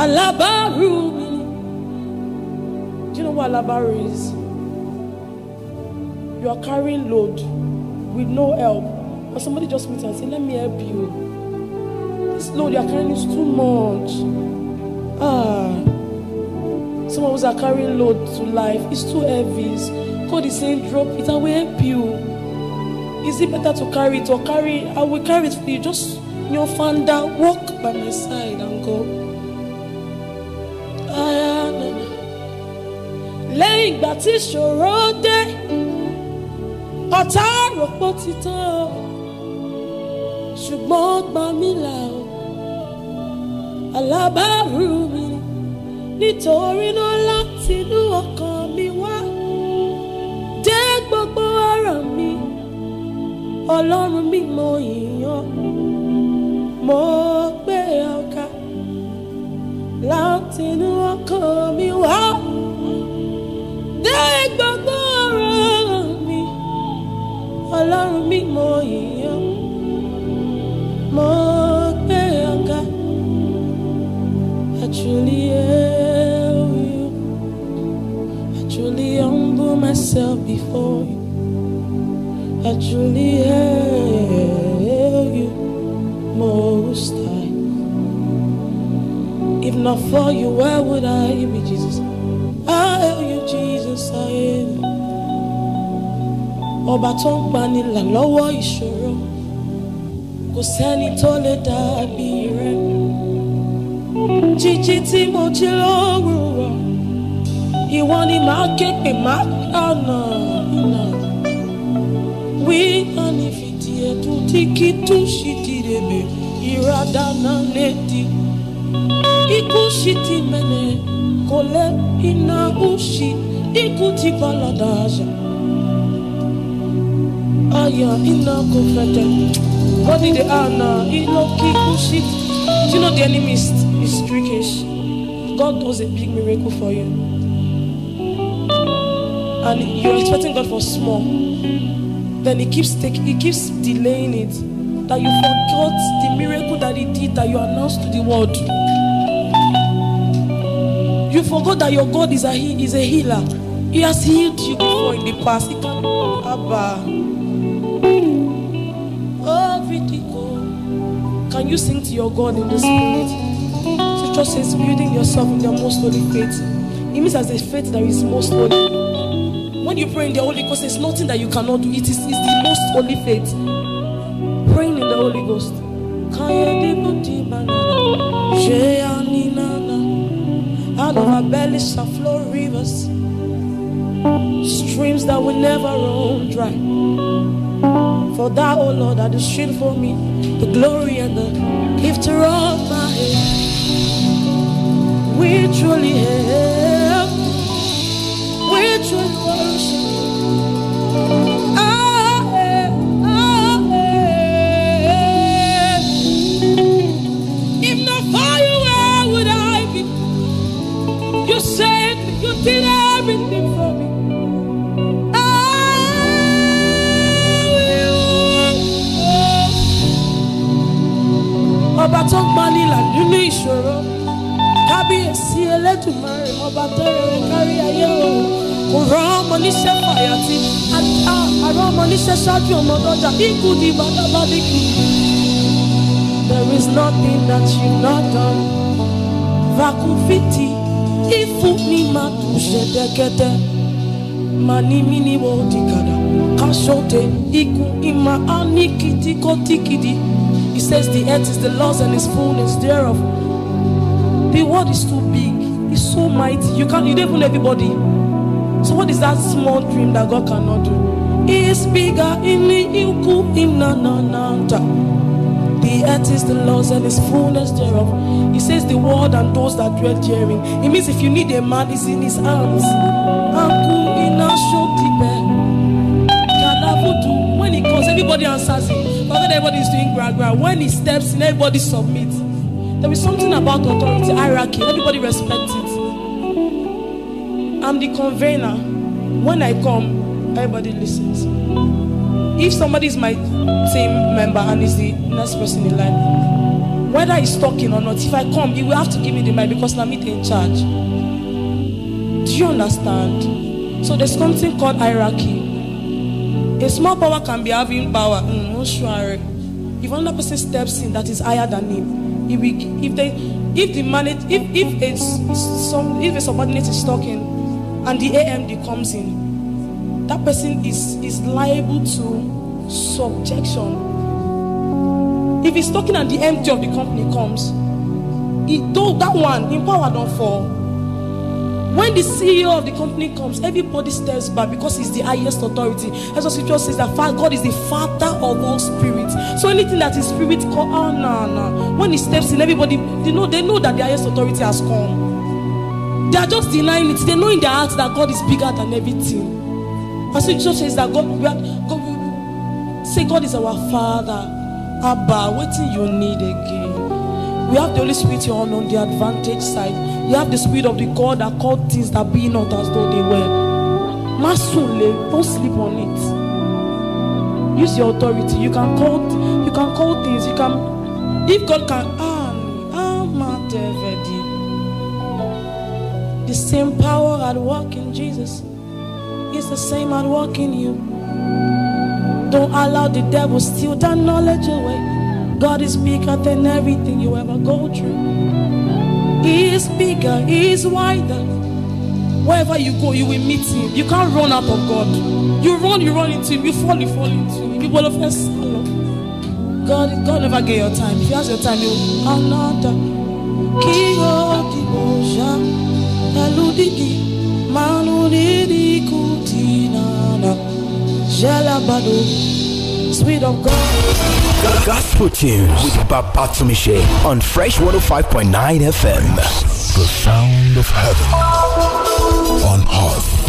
Alabaru. Do you know what Alabaru is? You are carrying load with no help. And somebody just meets and say, Let me help you. This load you are carrying is too much. Ah. Some of us are carrying load to life. It's too heavy. God is saying, drop it. I will help you. Is it better to carry it or carry? I will carry it for you. Just your founder, walk by my side and go. lẹ́yìn ìgbà tí ìṣòro dé ọ̀tá àròpó ti tán o ṣùgbọ́n gbà mí là o alábàárù mi nítorí náà láti inú ọkàn mi wá dé gbogbo ọ̀rọ̀ mi ọlọ́run mi mo yìn ọ́ mo gbé ọ̀ka láti inú ọkàn mi wá. Take gbogbo ọ̀rọ̀ mi, Ọlọ́run mi mo yìn ọ́, mo gbé ọ̀gá, àtúlí I àtúlí humble myself before you, I have you most high. If not for you, where would I be, Jesus? ọba tó ń panilà lọ́wọ́ ìṣòro kò sẹ́ni tó lè dàbí rẹ̀ jíjí tí mo jí lówùrọ̀ ìwọ ni màá képe màá kànà ìnà wí àní fìdí ẹ̀dùn tí kì í tún ṣì dìde bẹ̀ ìradànà létí ikú ṣì ti mẹ́lẹ̀ kò lẹ́ iná ó ṣì ikú ti balàdà àṣà aya ina confronted. What did they are now? Ino kikusit. Do you know the enemy is, is trickish? God does a big miracle for you. And you're expecting God for small. Then he keeps taking he keeps delaying it. That you forgot the miracle that he did that you announced to the world. You forgot that your God is a, He is a healer. He has healed you before in the past. He can Abba. Can you sing to your God in the spirit? So just says building yourself in the most holy faith. It means as a faith that is most holy. When you pray in the Holy Ghost, there's nothing that you cannot do. It is the most holy faith. Praying in the Holy Ghost. Out of our bellies shall flow rivers, streams that will never run dry. For thou, O Lord, art the shield for me, the glory and the lifter of my head. We truly have. ọba kárí ayé kò rán ọmọ níṣẹ́ ọmọ níṣẹ́ ṣáájú ọmọ lọ́jà ikú There is nothing that you not done. Vakufiti ifu ni matushe dekete mani ni wodikada kashote iku ima anikiti He says the earth is the Lord's and his fullness thereof. The world is too big. It's so mighty. You can't. You don't even everybody. So what is that small dream that God cannot do? He is bigger in the inku in na na na ta. The earth is the Lord's and His fullness thereof. He says the world and those that dwell therein. It means if you need a man, it's in His hands. When He calls, everybody answers Him. But not everybody is doing grand When He steps in, everybody submits. There is something about authority, hierarchy. Everybody respects it. I'm the convener. When I come, everybody listens. If somebody is my team member and is the next person in line, whether he's talking or not, if I come, he will have to give me the mic because I'm in charge. Do you understand? So there's something called hierarchy. A small power can be having power. Mm, if another person steps in that is higher than him, if we if they if the manage, if if it's some if a subordinate is talking and the AMD comes in, that person is is liable to subjection. If he's talking and the MD of the company comes, it though that one in power don't fall. When the CEO of the company comes, everybody steps back because he's the highest authority. As what scripture says that God is the father of all spirits. So anything that is spirit called, oh ah, no, no. When he steps in, everybody they know they know that the highest authority has come. They are just denying it. They know in their hearts that God is bigger than everything. As so Jesus says that God, we are, God we, say God is our father. Abba, waiting you need again. We have the Holy Spirit on, on the advantage side. You have the Spirit of the God that called things that be not as though they were. Masule, don't sleep on it. Use your authority. You can call you can call things. You can if God can ah, ah the same power at work in Jesus is the same at work in you. Don't allow the devil steal that knowledge away. God is bigger than everything you ever go through. He is bigger, He is wider. Wherever you go, you will meet Him. You can't run out of God. You run, you run into Him. You fall, you fall into Him. You will of us. God, God never gave your time. If you ask your time, you another. Kiro di boja, eludigi, manuni di kutinana, jalabado. sweet of God. Gospel tunes with Babatunde on Fresh 105.9 FM. The sound of heaven on earth.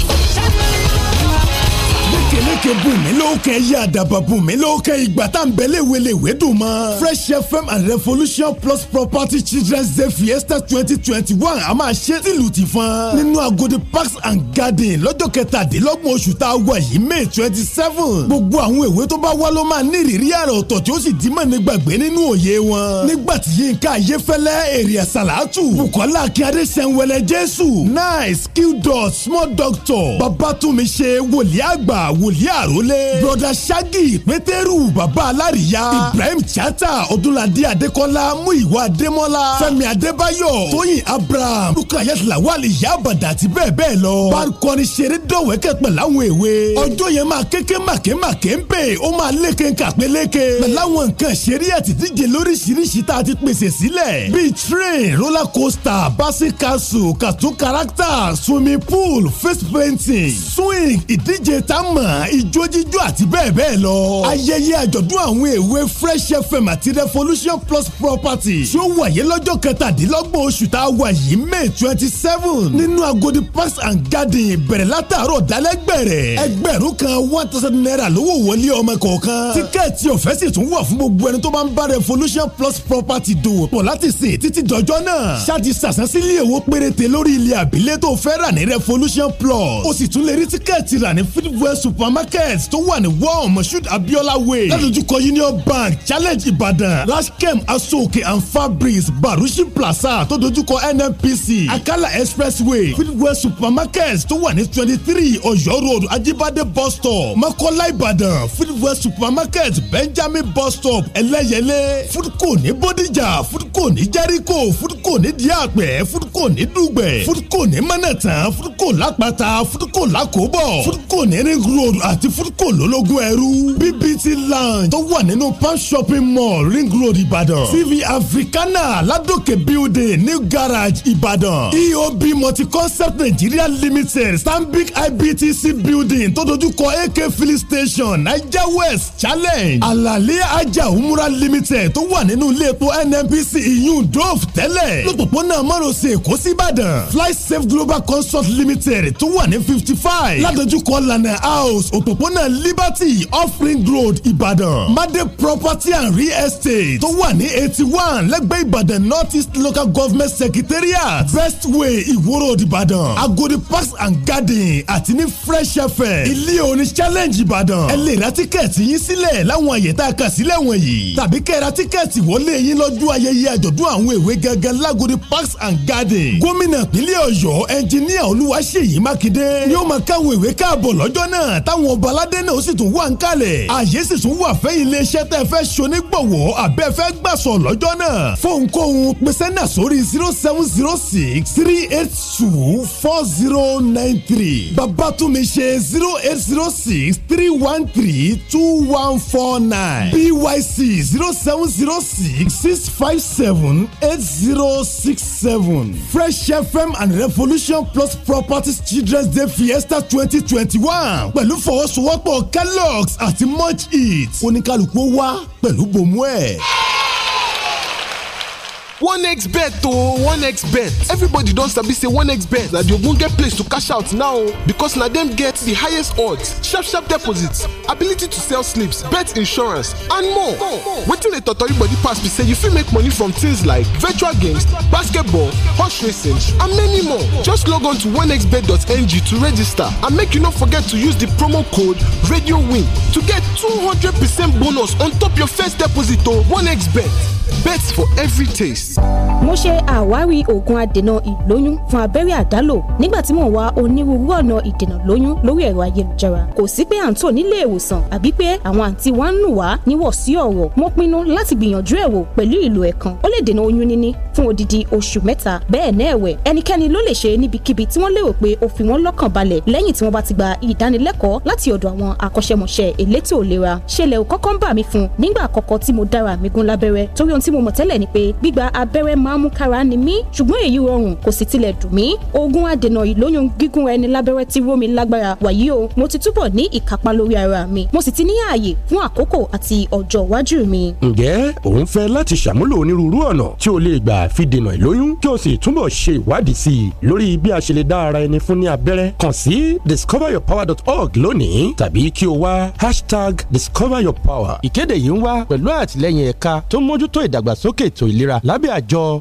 lékeleke bù mí lókè yé àdàbà bù mí lókè ìgbà tá n bẹ léwelèwé dùn mọ́. Fresh FM and Revolution Plus Property Children's Day Fiesta twenty twenty one a máa ṣe tìlù ti fún. nínú Agodi Parks and gardens. lọ́jọ́ kẹtàdínlọ́gbọ̀n oṣù tá a wà yìí May twenty seven. gbogbo àwọn èwe tó bá wá ló máa ní ìrírí àrà ọ̀tọ̀ tí ó sì dì mọ́ ní gbàgbé nínú òye wọn. nígbà tí Yínká Ayéfẹ́lẹ́ èrè àsàlátù Bùkọ́lá Akíndé sẹ́wẹ̀lẹ̀ Jésù Nice Skill Dot Small Doctor Babatunmi ṣe wòlíàgbà wòlíì àrólé broda shaggy pétérù bàbá alárìíyá ibrahim chata odúnladé adékọ́lá múyìwá adémọ́lá fẹ́mi adébáyọ̀ tóyìn abraham rukayat lawal ìyá àbàdà àti bẹ́ẹ̀ bẹ́ẹ̀ lọ barikọrin ṣeré dọ̀wẹ́kẹ̀ pẹ̀lú èwe ọjọ́ yẹn máa kéke màkè màkè ń bè ó máa léke ń kàpé léke pẹ̀lú àwọn nǹkan ṣeré àtìdíje lóríṣiríṣi tá a ti pèsè sílẹ̀ bíi train roller coaster basi castle cartoon character swimming pool face painting swing ìdíje tá ìfarahàn ijó jíjó àti bẹ́ẹ̀ bẹ́ẹ̀ lọ. ayẹyẹ àjọ̀dún àwọn èwe fresh fm àti revolution plus property tí ó wáyé lọ́jọ́ kẹtàdínlọ́gbọ̀n oṣù tá a wà yìí may twenty seven nínú agodi parks and garden bẹ̀rẹ̀ látàárọ̀ dálẹ́gbẹ̀rẹ̀ ẹgbẹ̀rún kan one thousand naira lówó wọlé ọmọ kọ̀ọ̀kan tíkẹ́ẹ̀tì ọ̀fẹ́ sì tún wà fún gbogbo ẹni tó bá ń bá revolution plus property dòwò pọ̀ láti sìn títí dọjọ́ náà ṣáàtì sàsán sílé èwo péréte lórí ilẹ̀ àbílẹ̀ tó fẹ́ rà ní revolution plus ó sì tún lè rí tíkẹ́ẹ̀tì rà ní fitwell super supermarket tó wà ní one moshood abiola way ládojúkọ union bank challenge ìbàdàn raskem asoke and fabrics barushi plaza tó dojúkọ nnpc akala expressway fitwell supermarket tó wà ní twenty three ọ̀yọ́ road ajibade bus stop makola ìbàdàn fitwell supermarket benjamin bus stop ẹlẹ́yẹlé foodco ní bódìjà foodco ní jẹ́ríkò foodco ní díàpẹ̀ foodco ní dùgbẹ̀ foodco ní mẹ́nẹ̀tàn foodco lápáta foodco lákòbọ̀ foodco ní ring road road àti foodco lólógún ẹrú bbt lounge tó wà nínú pan shopping mall ring road ìbàdàn CV africana Ladoke building new garage ìbàdàn eob multi-concept nigeria limited stanbic ibtc building tó dojúkọ ak filling station naija west challenge alali aja umura limited tó wà nínú ilé epo nnpc iyun dove tẹ́lẹ̀ lọ́pọ̀pọ̀nà márosẹ̀ èkó síbàdàn fly safe global consult limited tó wà ní fifty five ládojúkọ lànà house close òpópónà liberty offering road ìbàdàn made property and real estate tó wà ní eighty one lẹ́gbẹ̀ẹ́ ìbàdàn north east local government secretariat best way ìwó road ìbàdàn agodi parks and garden àti ní fresh fm ilé oní challenge ìbàdàn ẹ lè ra tíkẹ́ẹ̀tì yín sílẹ̀ láwọn àyè tá a kà sílẹ̀ wọ̀nyí tàbí kẹ́ra tíkẹ́ẹ̀tì wọlé yín lọ́jọ́ ayẹyẹ àjọ̀dún àwọn èwe gangan lágodi parks and garden gómìnà ìpínlẹ̀ ọ̀yọ́ ẹnjiníà olúwaṣèyí mákindé ni ó máa káwọn èwe káàbọ̀ lọ́jọ́ náà táwọn ọba aládé náà sì tún wà ń kalẹ̀ àyè sì tún wà fẹ́ iléeṣẹ́ tẹ́ fẹ́ ṣonígbọ̀wọ́ abẹ́ fẹ́ gbàsọ̀ lọ́jọ́ náà fóun kóun pèsè náà sórí zero seven zero six three eight two four zero nine three babatunmi ṣe zero eight zero six three one three two one four nine byc zero seven zero six six five seven eight zero six seven fresh fm and revolution plus properties children's day fiesta twenty twenty one pẹ̀lú fọwọ́sowọ́pọ̀ Kellogg's àti Munch It oníkálukú wá pẹ̀lú bòmú ẹ̀ onexbet o oh, onexbet everybody don sabi say onexbet na di ogbonge place to cash out now o oh, because na dem get the highest odds sharp sharp deposits ability to sell slips bet insurance and more wetin dey totori body pass be say you fit make money from things like virtual games basketball horse racing and many more just log on to onexbet.ng to register and make you no forget to use the promo code radiowin to get 200 percent bonus on top your first deposit o oh, onexbet. Bets for every taste. mo ṣe àwárí oògùn adènà ìlóyún fún abẹ́rẹ́ àdálò nígbà tí mò ń wá onírúurú ọ̀nà ìdènà lóyún lórí ẹ̀rọ ayélujára kò sí pé à ń tò nílé ìwòsàn àbí pé àwọn àǹtí wa ń nù wá níwọ̀ sí ọ̀rọ̀ mo pinnu láti gbìyànjú ẹ̀ wò pẹ̀lú ìlò ẹ̀kan ó lè dènà oyún níní fún odidi oṣù mẹ́ta bẹ́ẹ̀ náà ẹ̀wẹ̀ ẹnikẹ́ni ló lè ṣe níbikíbi tí wọ́n lérò pé ó fi wọ́n lọ́kàn balẹ̀ lẹ́yìn tí wọ́n bá ti gba ìdánilẹ́kọ̀ọ́ láti ọ̀dọ̀ àwọn akọ́ṣẹ́mọṣẹ́ elétò ìlera ṣẹlẹ̀ ò kọ́kọ́ ń bà mí fún nígbà àkọ́kọ́ tí mo dára mi gún lábẹ́rẹ́ torí ohun tí mo mọ̀ tẹ́lẹ̀ ni pé gbígba abẹ́rẹ́ má máa ń mú kára ni mí ṣùgbọ́n èyí rọrùn kò sì tilẹ̀ dùn mí oògùn adènà ìlóyún gígùn ẹni lábẹ́rẹ́ ti ró mi lágbára wàyí o mo ti túbọ̀ ní ìkápá lórí ara mi mo sì ti ní ààyè fún àkókò àti ọjọ́ iwájú mi. ǹjẹ́ ò ń fẹ́ láti ṣàmúlò onírúurú ọ̀nà tí o lè gbà fi dènà ìlóyún kí o sì túbọ̀ ṣe ìwádìí sí i lórí bí a ṣe lè dá ara ẹni fún ní abẹ́rẹ́ kàn sí discoveryourpower.org lónìí tàbí kí o wá hashtag discoveryourpower ìkéde yìí ń wá pẹ̀lú àtìlẹ́yìn ẹ̀ka tó mójútó ìdàgbàsókè ètò ìlera lábẹ́ àjọ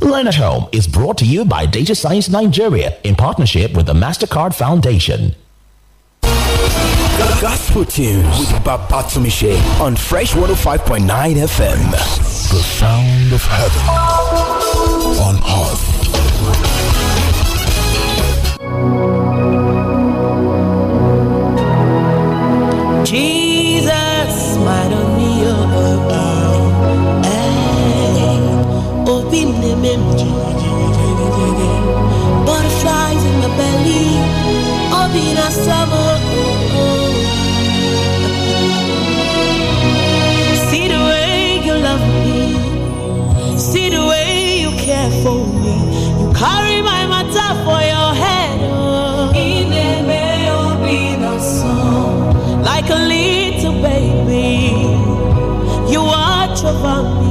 Learn at Home is brought to you by Data Science Nigeria in partnership with the MasterCard Foundation. The Gospel tunes with Babatumishe on Fresh 105.9 FM. The sound of heaven on earth. Jesus. Butterflies in my belly summer. See the way you love me. See the way you care for me. You carry my matter for your head. Like a little baby, you watch over me.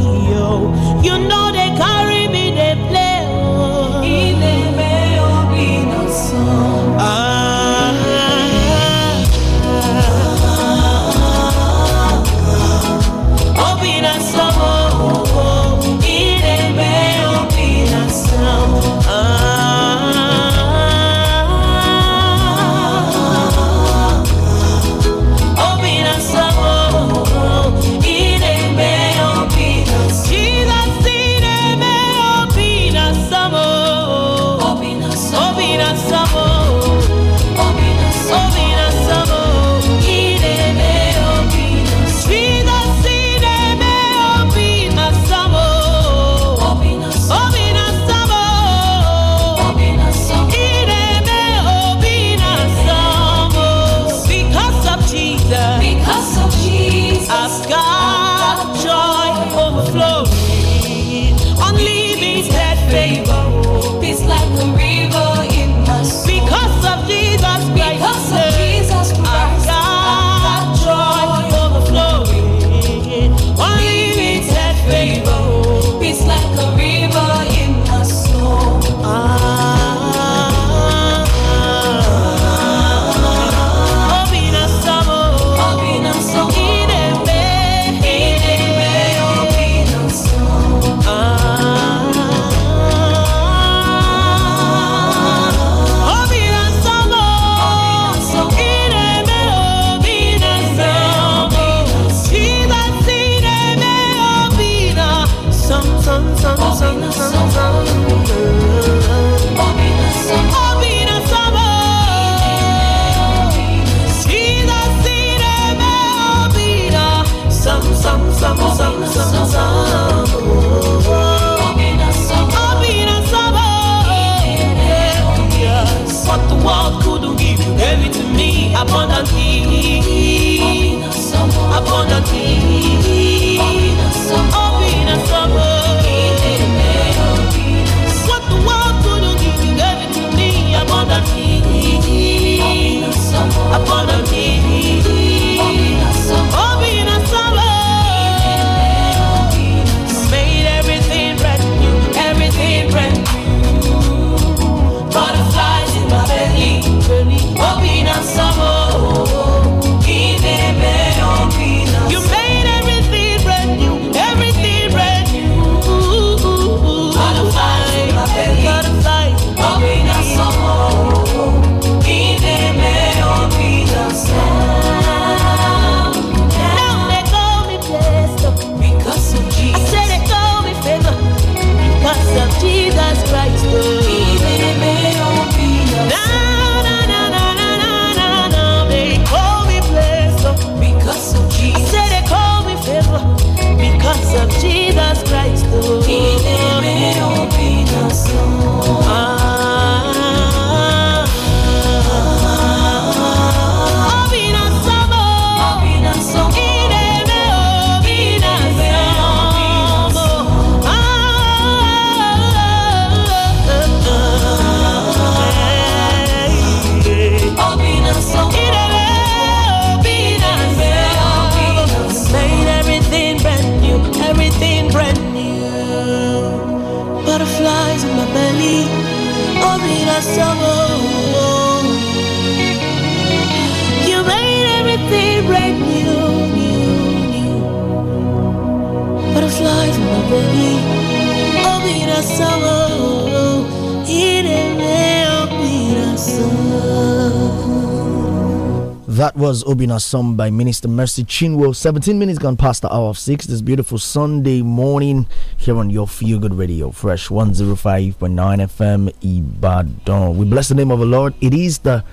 Obina song by Minister Mercy Chinwo. 17 minutes gone past the hour of 6 this beautiful Sunday morning here on your Feel Good Radio, Fresh 105.9 FM Ibadan. We bless the name of the Lord. It is the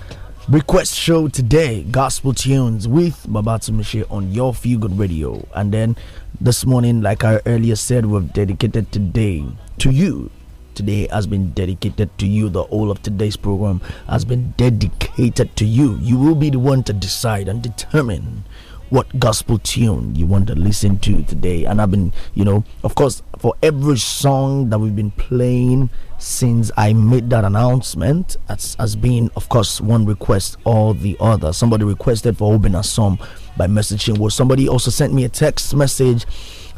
request show today, Gospel Tunes with Babatsumishi on your Feel Good Radio. And then this morning, like I earlier said, we've dedicated today to you today has been dedicated to you. The whole of today's program has been dedicated to you. You will be the one to decide and determine what gospel tune you want to listen to today. And I've been, you know, of course, for every song that we've been playing since I made that announcement, as has been, of course, one request or the other. Somebody requested for Obina song by messaging. Well, somebody also sent me a text message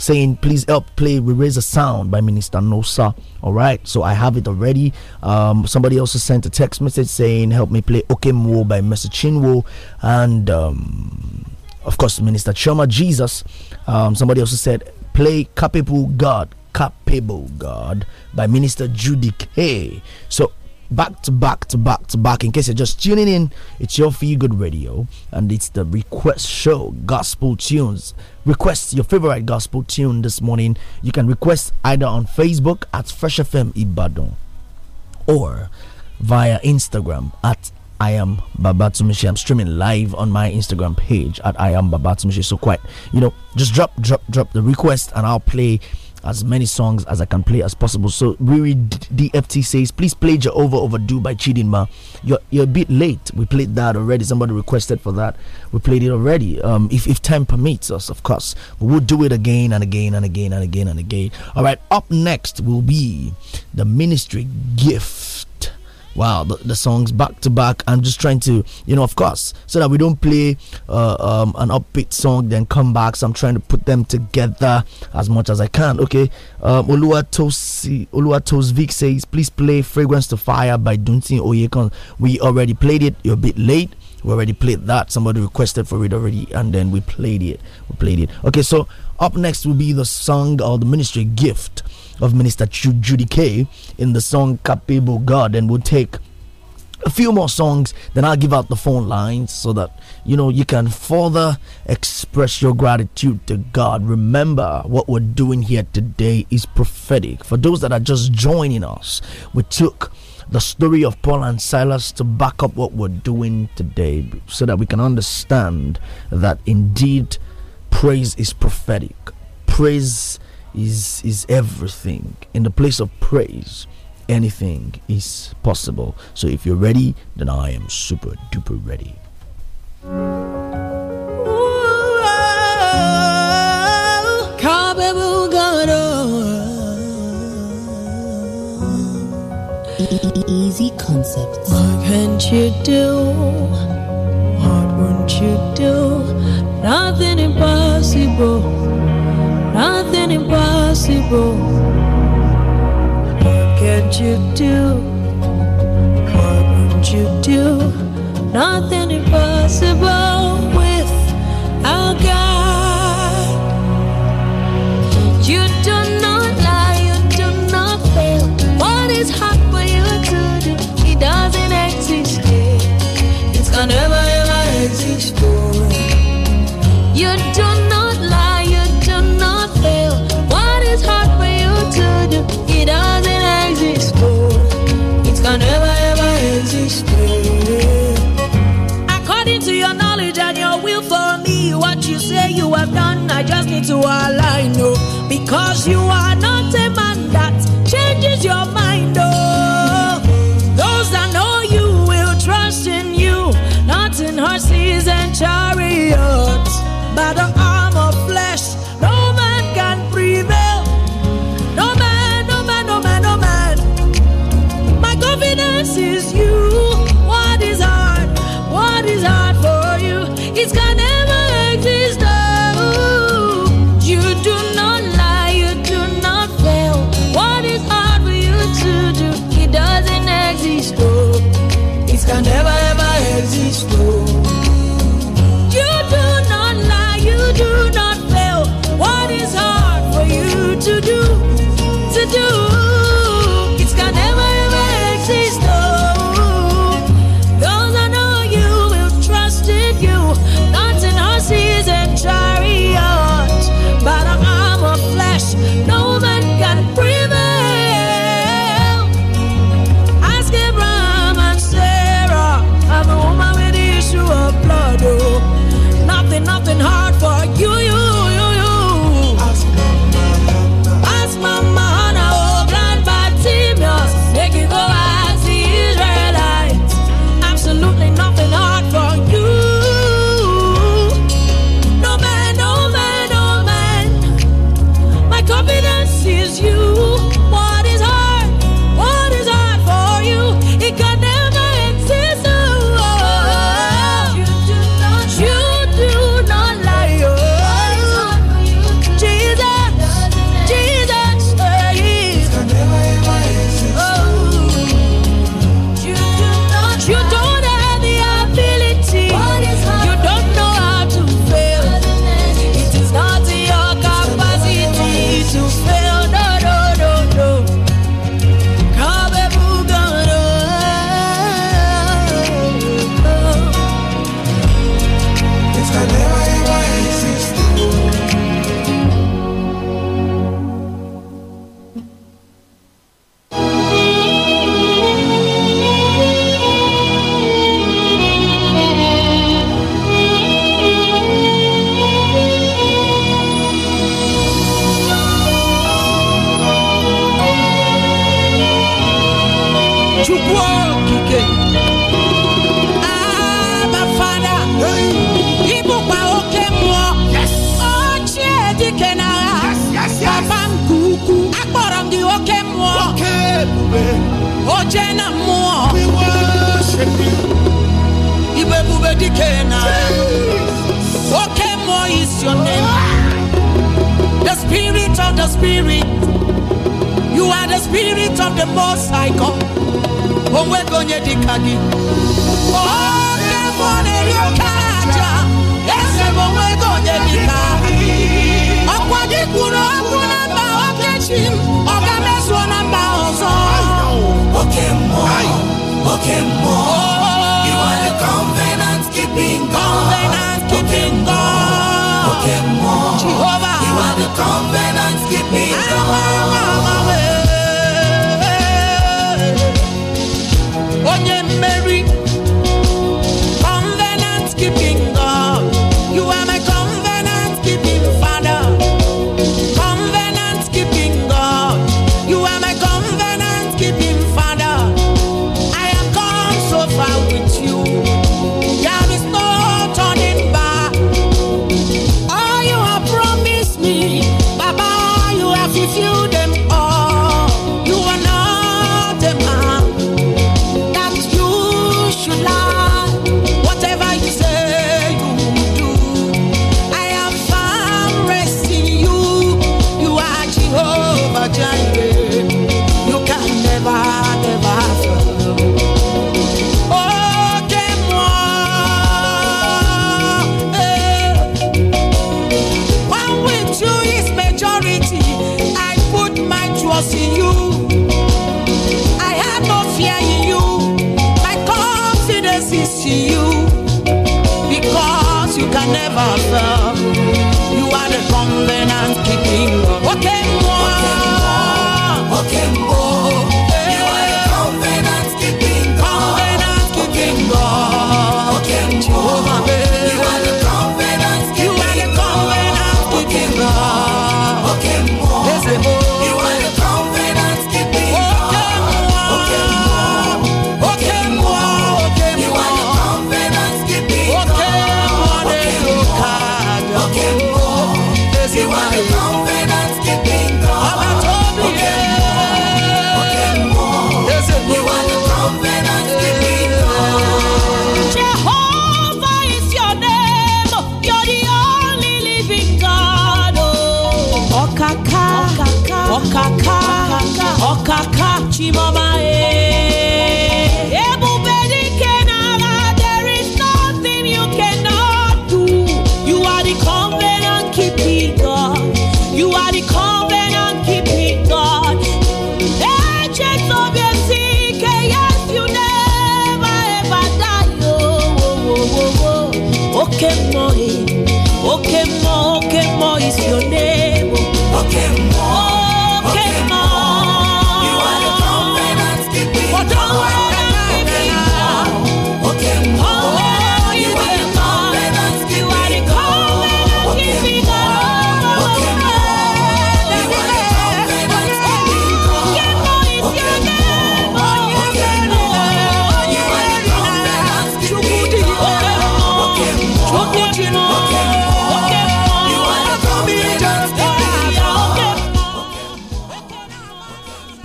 saying, please help play We Raise a Sound by Minister Nosa. All right, so I have it already. Um, somebody also sent a text message saying, help me play Okemwo by Mr. Chinwo. And um, of course, Minister Choma Jesus. Um, somebody also said, play Capable God, Capable God by Minister Judy K. So back to back to back to back. In case you're just tuning in, it's your Feel Good Radio and it's the request show Gospel Tunes. Request your favorite gospel tune this morning. You can request either on Facebook at Fresh FM Ibadan or via Instagram at I am Babatumishi. I'm streaming live on my Instagram page at I am Babatumishi. So quite, you know, just drop, drop, drop the request and I'll play as many songs as I can play as possible. So Riri DFT says, please play Jehovah Overdue by Chidinma. You're, you're a bit late. We played that already. Somebody requested for that. We played it already. Um, if, if time permits us, of course. we'll do it again and again and again and again and again. All right, up next will be the ministry gift wow, the, the songs back to back. I'm just trying to, you know, of course, so that we don't play uh, um, an upbeat song then come back. So I'm trying to put them together as much as I can. Okay, um, Oluwatosi Oluwatosvik says, please play "Fragrance to Fire" by Dunting Oyekon. We already played it. You're a bit late. We already played that. Somebody requested for it already, and then we played it. We played it. Okay, so up next will be the song or the ministry gift of Minister Judy K in the song Capable God, and we'll take a few more songs, then I'll give out the phone lines so that you know you can further express your gratitude to God. Remember, what we're doing here today is prophetic. For those that are just joining us, we took the story of Paul and Silas to back up what we're doing today so that we can understand that indeed praise is prophetic. Praise is is everything. In the place of praise, anything is possible. So if you're ready, then I am super duper ready. easy concepts. What can't you do? What won't you do? Nothing impossible. Nothing impossible. What can't you do? What won't you do? Nothing impossible with our God. I just need to align, oh. Because you are not a man that changes your mind, oh. Those that know you will trust in you, not in horses and chariots, but the uh,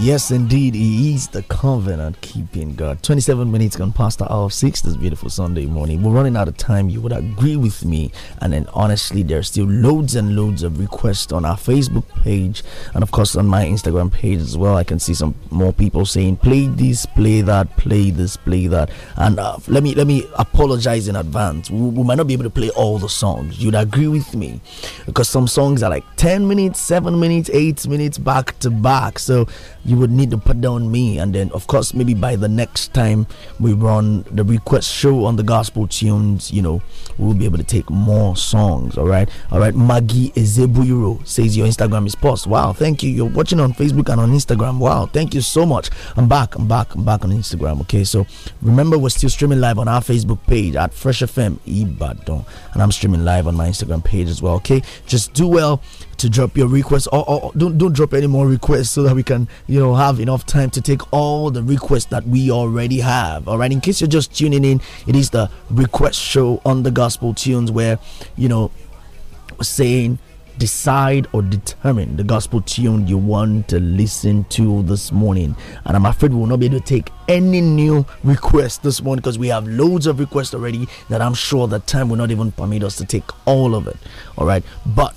Yes, indeed, He is the covenant keeping God. 27 minutes gone past the hour of 6 this beautiful Sunday morning. We're running out of time. You would agree with me. And then, honestly, there are still loads and loads of requests on our Facebook page and, of course, on my Instagram page as well. I can see some more people saying, play this, play that, play this, play that. And uh, let me let me apologize in advance. We, we might not be able to play all the songs. You'd agree with me because some songs are like 10 minutes, 7 minutes, 8 minutes back to back. So, you would need to put down me and then of course maybe by the next time we run the request show on the gospel tunes you know we'll be able to take more songs all right all right maggie Ezebuiro says your instagram is post. wow thank you you're watching on facebook and on instagram wow thank you so much i'm back i'm back i'm back on instagram okay so remember we're still streaming live on our facebook page at fresh fm ibadan and i'm streaming live on my instagram page as well okay just do well to drop your request, or, or, or, don't don't drop any more requests so that we can you know have enough time to take all the requests that we already have all right in case you're just tuning in it is the request show on the gospel tunes where you know saying decide or determine the gospel tune you want to listen to this morning. And I'm afraid we will not be able to take any new requests this morning because we have loads of requests already that I'm sure that time will not even permit us to take all of it. All right. But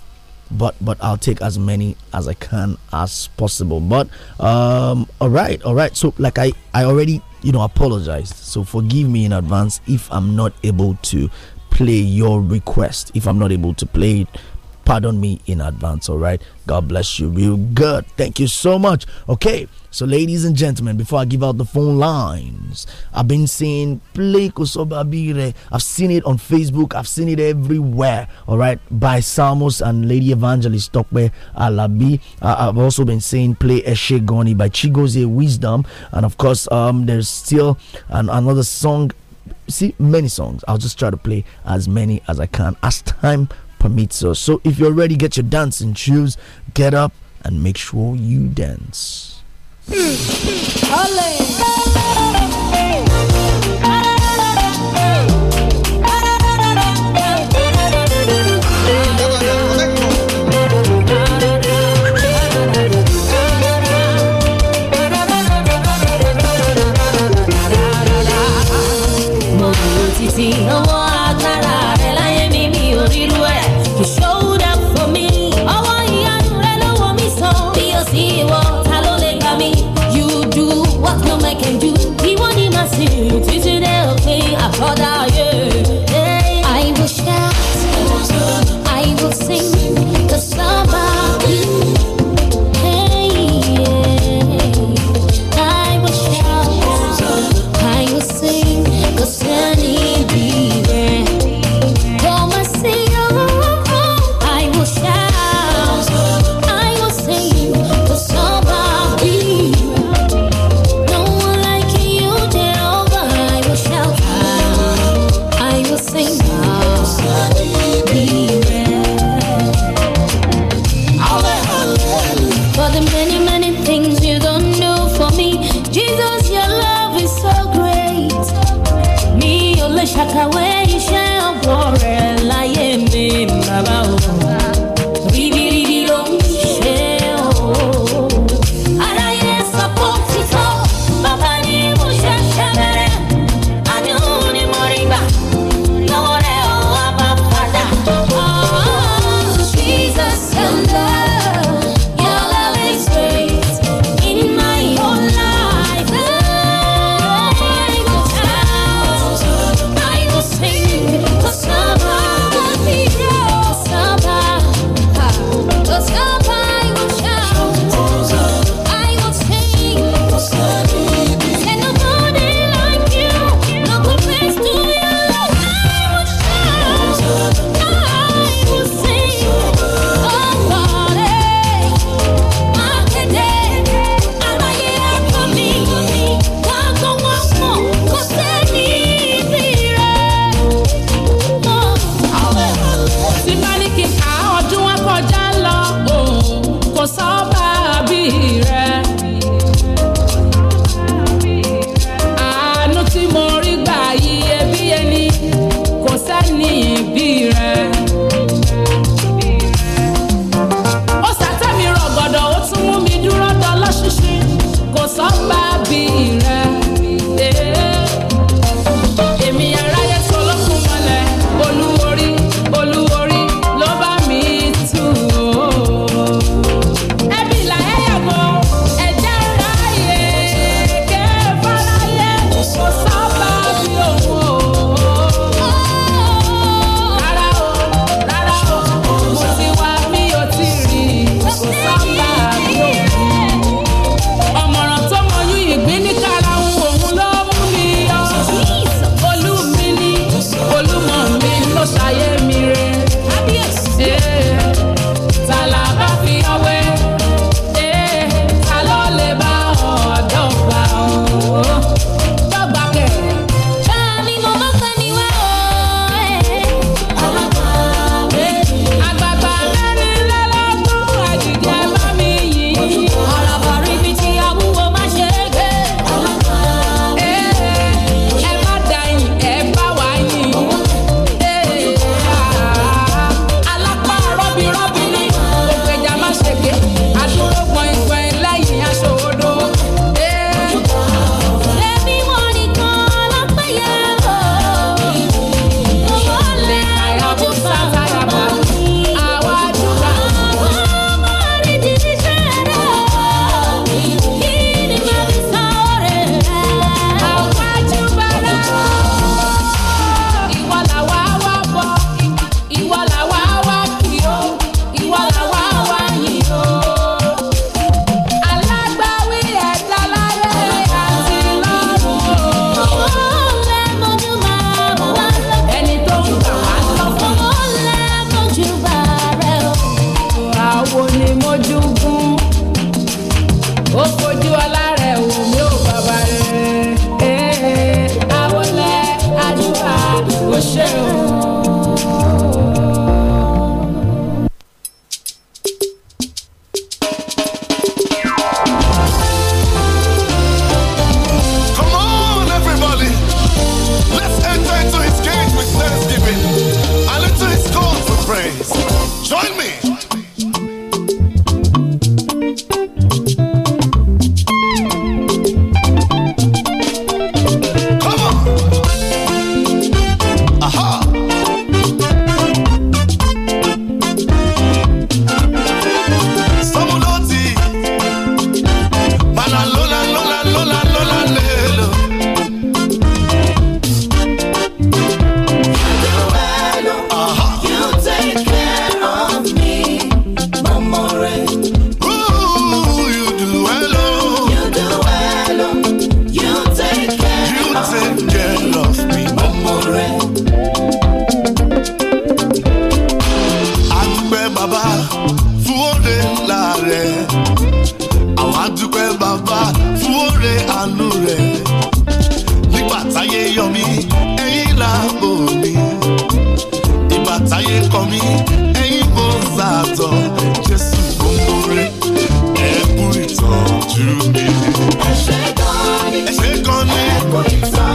but but I'll take as many as I can as possible. But um, all right, all right. So like I I already you know apologized. So forgive me in advance if I'm not able to play your request. If I'm not able to play it Pardon me in advance, all right? God bless you real good. Thank you so much. Okay, so ladies and gentlemen, before I give out the phone lines, I've been seeing Play Kosobabire. I've seen it on Facebook. I've seen it everywhere. All right, by Samos and Lady Evangelist Tokwe Alabi. Uh, I've also been seeing Play Eshegoni by Chigoze Wisdom, and of course, um, there's still an, another song see many songs. I'll just try to play as many as I can as time permits us. So if you're ready, get your dancing shoes, get up, and make sure you dance. ẹ ṣe gonna ẹ kò ní sọ.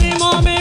mi mami.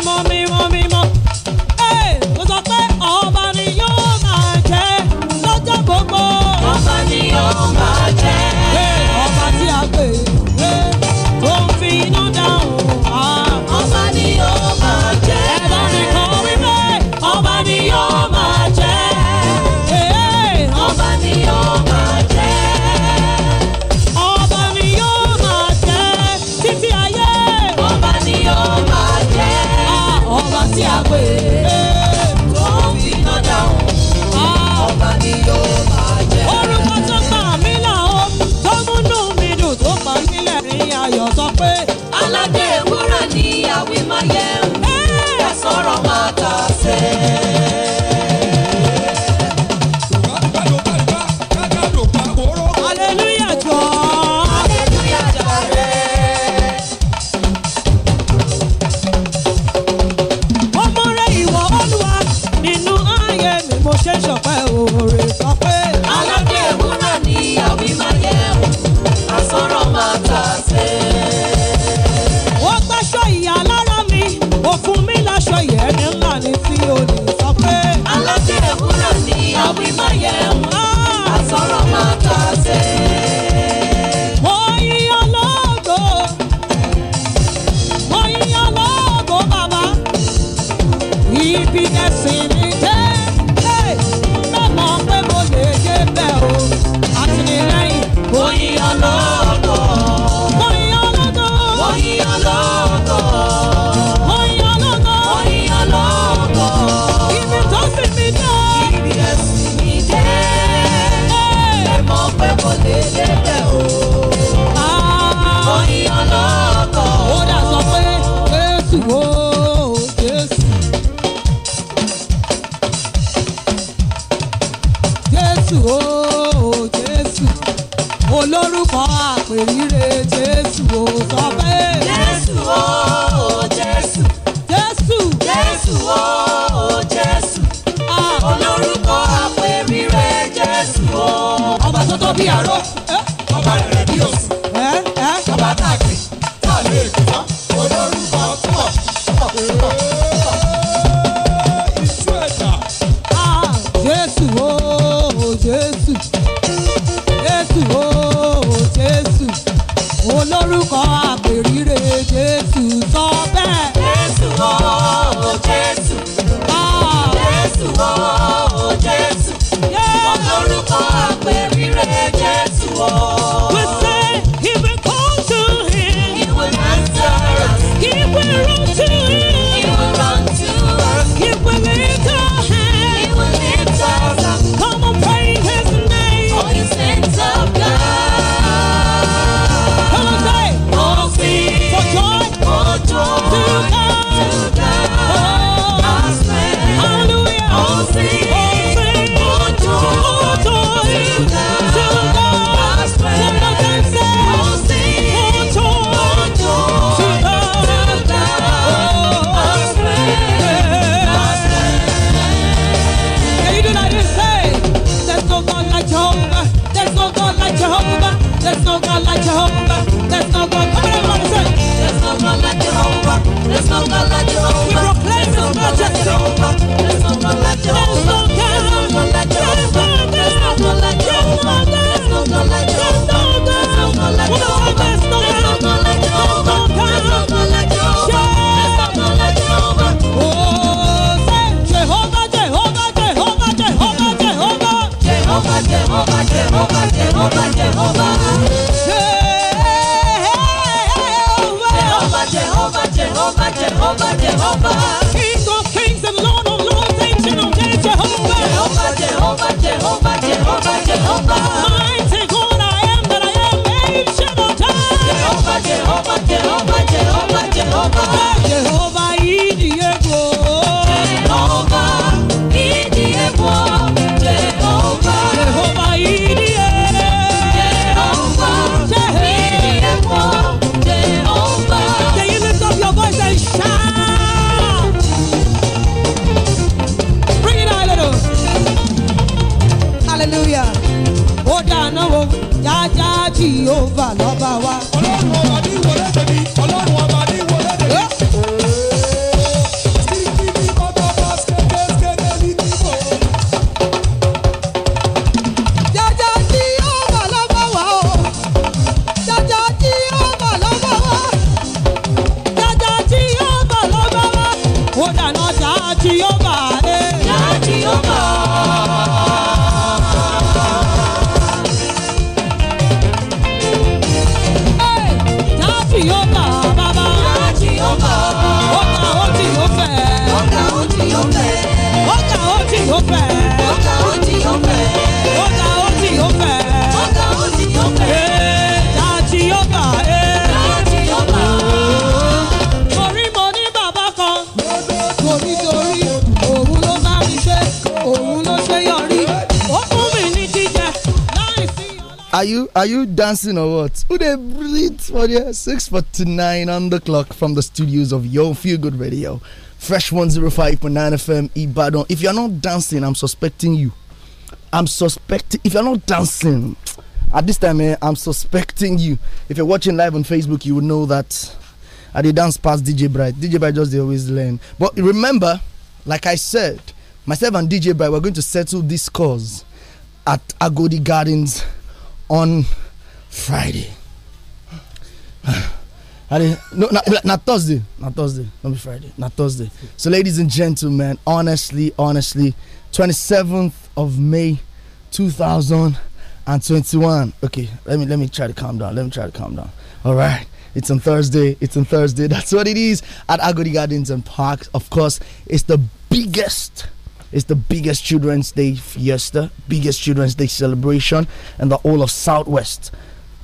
There's no God like Jehovah. There's no God. Come on, everybody say. There's no God like Jehovah. There's no God like Jehovah. We proclaim His majesty. There's no God like Jehovah. Jehovah, Jehovah, Jehovah. Jehovah, Jehovah, Jehovah, Jehovah, Jehovah. King of kings and Lord of lords, ancient of days, Jehovah. Jehovah, Jehovah, Jehovah, Jehovah, Jehovah. Mighty God, I am that I am, ancient Jehovah. days. Jehovah, Jehovah, Jehovah, Jehovah, Jehovah. Jehovah. over lọ́ba wa. are you dancing or what? Who they breathe for you? Six forty nine on the clock from the studios of Yo Feel Good Radio, Fresh one zero oh five point nine FM Ibadan. If you're not dancing, I'm suspecting you. I'm suspecting. If you're not dancing at this time, eh, I'm suspecting you. If you're watching live on Facebook, you will know that I did dance past DJ Bright. DJ Bright just they always learn. But remember, like I said, myself and DJ Bright, we're going to settle this cause at Agodi Gardens on Friday. no, not, not, Thursday. Not Thursday. Not Friday. Not Thursday. So, ladies and gentlemen, honestly, honestly, 27th of May, 2021. Okay, let me let me try to calm down. Let me try to calm down. All right. It's on Thursday. It's on Thursday. That's what it is at Agodi Gardens and Parks. Of course, it's the biggest it's the biggest Children's Day fiesta, biggest Children's Day celebration in the whole of Southwest.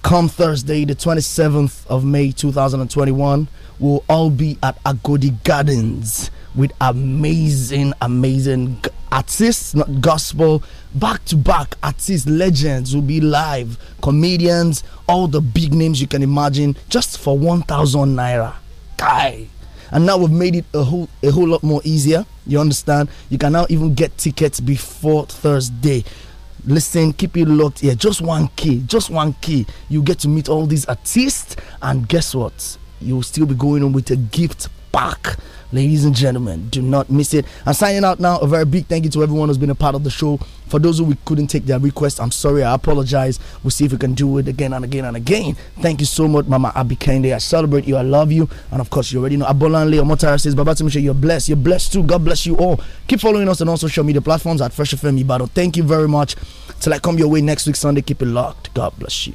Come Thursday, the 27th of May 2021, we'll all be at Agodi Gardens with amazing, amazing artists, not gospel, back to back artists, legends will be live, comedians, all the big names you can imagine, just for 1,000 naira. Guy and now we've made it a whole a whole lot more easier you understand you can now even get tickets before thursday listen keep it locked here just one key just one key you get to meet all these artists and guess what you'll still be going on with a gift back. Ladies and gentlemen, do not miss it. I'm signing out now. A very big thank you to everyone who's been a part of the show. For those who we couldn't take their request, I'm sorry. I apologize. We'll see if we can do it again and again and again. Thank you so much, Mama Abikende. I celebrate you. I love you. And of course, you already know. Abolanle Omotara says, Babatimisha, you're blessed. You're blessed too. God bless you all. Keep following us on show social media platforms at Fresh FM battle. Thank you very much. Till I come your way next week, Sunday, keep it locked. God bless you.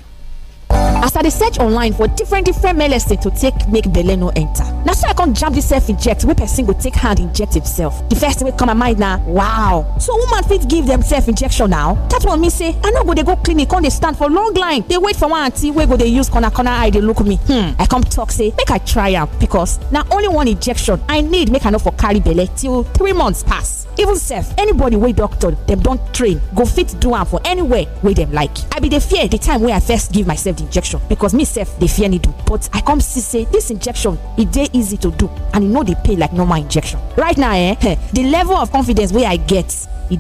as i dey search online for different different medicine to take make belle no enter na so i come jam this self inject wey person go take hand inject himself the first thing wey come my mind na wow so woman fit give dem self injection now that one mean say i no go dey go clinic come dey stand for long line dey wait for one aunty wey go dey use corner corner eye dey look me hmm i come talk say make i try am because na only one injection i need make i no for carry belle till three months pass even sef anybody wey doctor dem don train go fit do am for anywhere wey dem like i bin dey fear the time wey i first give myself injection because me self they fear needle but i come see say this injection it dey easy to do and you no dey pay like normal injection right now eh, eh the level of confidence where i get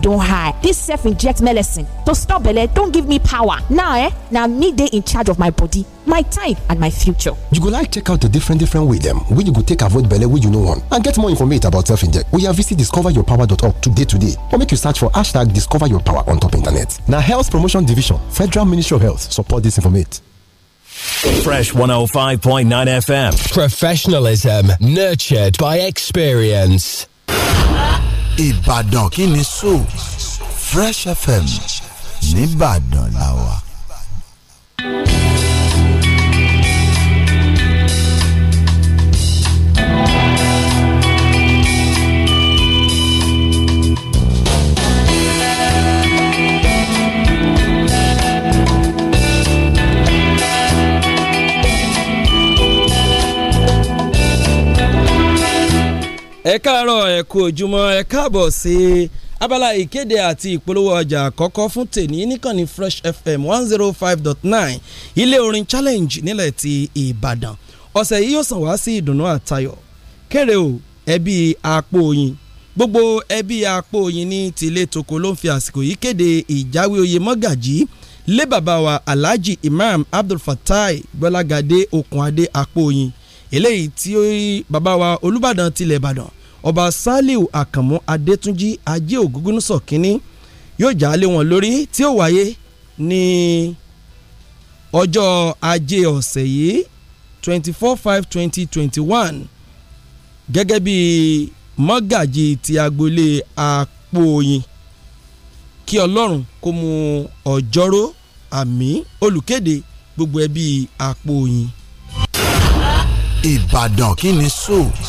don't high this self inject medicine to stop don't give me power now eh now me dey in charge of my body my time and my future. you go like check out the different different way them where you go take avoid belle where you know one and get more information about self inject oya visit discoveryourpower.org today today or make you search for hashtag discover your power on top internet Now health promotion division federal ministry of health support this informate. Fresh 105.9 FM. Professionalism nurtured by experience. Ibadan kini so Fresh FM. Nibadan lawa. káàárọ̀ ẹ kú ojúmọ́ ẹ káàbọ̀ sí abala ìkéde àti ìpolówó ọjà àkọ́kọ́ fún tèmi níkànnì Fresh FM one zero five dot nine ilé orin challenge nílẹ̀ ti Ìbàdàn ọ̀sẹ̀ yìí yóò sàn wá sí ìdùnnú àtayọ̀ kéré o ẹbí apò oyin gbogbo ẹbí apò oyin ní tilé toko ló ń fi àsìkò yìí kéde ìjáwé oyè mọ́gàjì lé bàbá wa Alhaji Imam Abdulfatai Gbọ́lágadé Okunadé apò oyin eléyìí tí bàbá wa Olúbàdàn tilẹ̀ Ìbàdàn ọba Saliu Àkànmú Adétúnjì ajé ògúngúnúsọ kínní yóò já lé wọn lórí tí ó wáyé ní ọjọ́ ajé ọ̀sẹ̀ yìí twenty four five twenty twenty one gẹ́gẹ́ bí mọ́gàjì ti agboolé Àpòòyìn kí Ọlọ́run kó mú ọjọ́rọ́ àmì olùkéde gbogbo ẹbí Àpòòyìn. Ìbàdàn kí ni sóò. So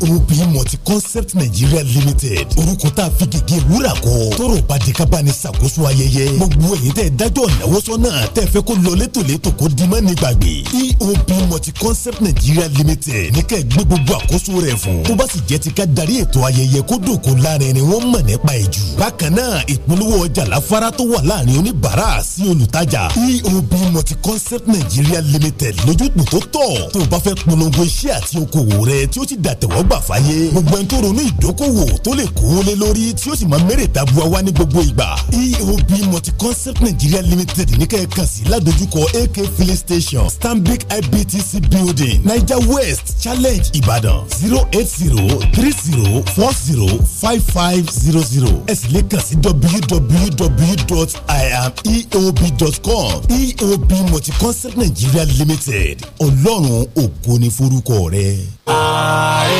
eob multi-concept nigeria limited orúkọ tá a fi gègé wúrà kọ tọrọ bàdìkábà ní ṣàkóso ayẹyẹ gbogbo èyí tẹ́ dájọ́ ìnáwó sọ́nà tẹ́ fẹ́ kó lọ létòlétò kó dimá ní gbàgbé eob multi-concept nigeria limited ní kẹ́ gbé gbogbo àkóso rẹ̀ fún tó bá sì jẹ́ ti ká darí ètò ayẹyẹ kó dòkó láàrin ni wọ́n mọ̀ nípa ẹ̀ jù bákan náà ìpolówó ọjà láfárá tó wà láàrin oníbàárà sí olùtajà eob multi-concept nigeria limited lójútùú tó tọ́ tó o bá fẹ́ polongo iṣẹ́ àti okòwò rẹ tí ó ti dàtẹ̀ ìwọ gbà fáyé gbogbo ẹni tó ronú ìdókòwò tó lè kó lé lórí tí ó sì máa mẹ́rẹ̀ tabuwa wá ní gbogbo ìgbà eob multi-concept nigeria limited ní kẹ́ẹ̀kan sí ládojúkọ ak filling station stanbic ibtc building naija west challenge ìbàdàn zero eight zero three zero four zero five five zero zero ẹ sì lè kàn sí www.iameob.com eob multi-concept nigeria limited ọlọ́run ògo ni forúkọ rẹ. ààrẹ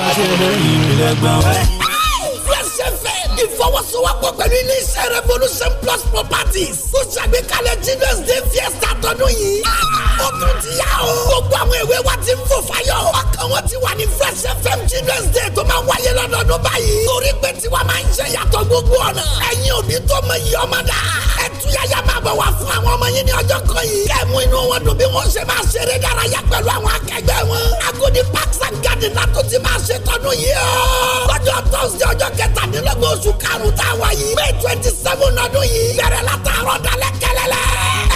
bá ṣe lóyún ìpìlẹ̀ gbọ̀n rí ní revolution plus properties tó ṣàgbékalẹ̀ children's day fiesta tọdún yìí. ó tún ti yá o. gbogbo àwọn èwe wa ti ń fò fáyọ̀. ọkàn wọn ti wà ní fresh fm children's day tó máa ń wáyé lọ́dọọdún báyìí. torí pé tiwa máa ń ṣe yàtọ̀ gbogbo ọ̀nà. ẹ̀yin òbí tó mọ iye ọmọ dà. ẹ túyàyà máa bọ̀ wá fún àwọn ọmọ yín ní ọjọ́ kan yìí. kẹ́ inú wọn dùn bí wọ́n ṣe máa ṣeré dárayá pẹ̀lú àwọn akẹgbẹ́ wọn. Agodi parks and gardens látó ti máa ṣe tọdún yìí. lọ́jọ́ tọ́sí ọjọ́ kẹtàdínlọ́gbọ̀n oṣù karùn-ún tá a wáyé may twenty seven ọdún yìí bẹ̀rẹ̀ la taarọ̀ dalẹ̀ kẹlẹ́lẹ́.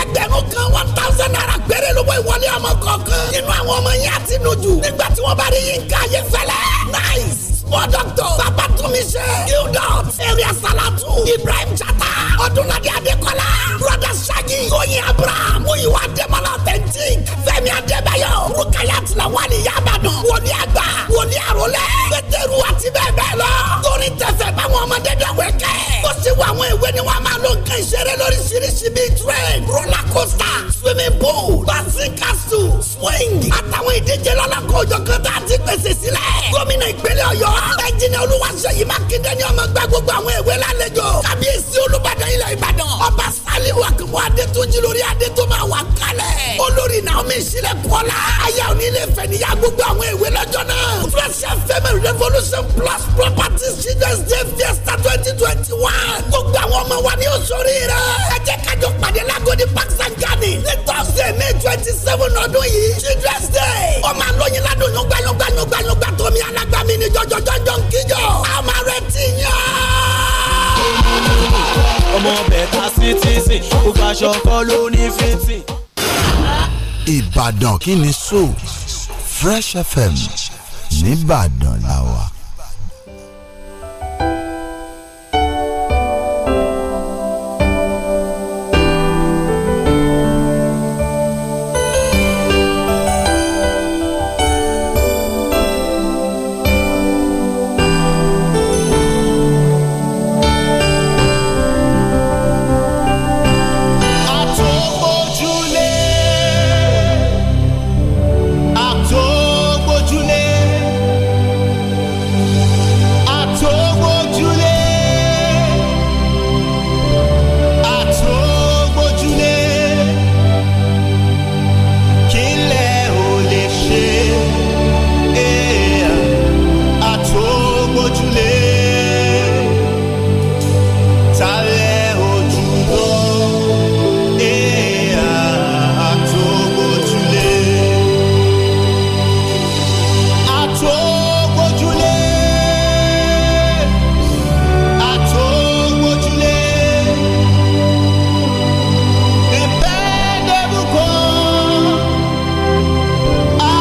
ẹgbẹ̀rún kan one thousand naira gbére lówó ìwọlé ọmọ kọ̀ọ̀kan nínú àwọn ọmọ yẹn àti nujú nígbà tí wọ́n bá rí yín ká yé fẹ́lẹ́. nice ó dọ́kítọ̀ sábàtúnmí ṣe gildot area salatu ibrahim chata ọdúnladé adékọlá broda shaggy oyin abraham muyiwa demola authentic fẹ́mi adébáyọ̀ rukayat lawali yabadan wòlíì àgbà wòlíì àrólẹ pétérù àti bẹ́ẹ̀ bẹ́ẹ̀ lọ torí tẹfẹ báwọn ọmọdé dọwọ kẹ ó sì wọ àwọn ìwé ni wọn máa lò kàn ìṣeré lóríṣiríṣi bíi train roller coaster swimming pool basin castle swing àtàwọn ìdíje lọ́lọ́kọ̀ọ́jọ́ kan tá a ti pèsè sílẹ̀ gómìnà ìpínlẹ̀ ọ̀yọ́ ẹnjìnìà olúwaṣeyì mákindé ni ọmọ gba gbogbo àwọn ìwé lálejò kábíyèsí olùbàdàn ilẹ̀ ìbàdàn ọba saliu akínwó adétúnjì lórí adétúmọ̀ àwọn kalẹ̀ olórí naomi ìsílẹ̀kọ́lá aya onílé fẹ̀nìyà gbogbo àwọn ìwé lọ́jọ́ náà fresh fm revolution plus properties children's day fiesta twenty twenty one gbogbo àwọn ọmọ wa ni ó sori rẹ ẹ jẹ́ kájọ pàdé lágodi park sangani ní twenty seven ọdún yìí children's day. fitting gbogbo aṣọ kọ́ ló ní fitting. Ìbàdàn kí ni so Fresh FM nìbàdàn làwà.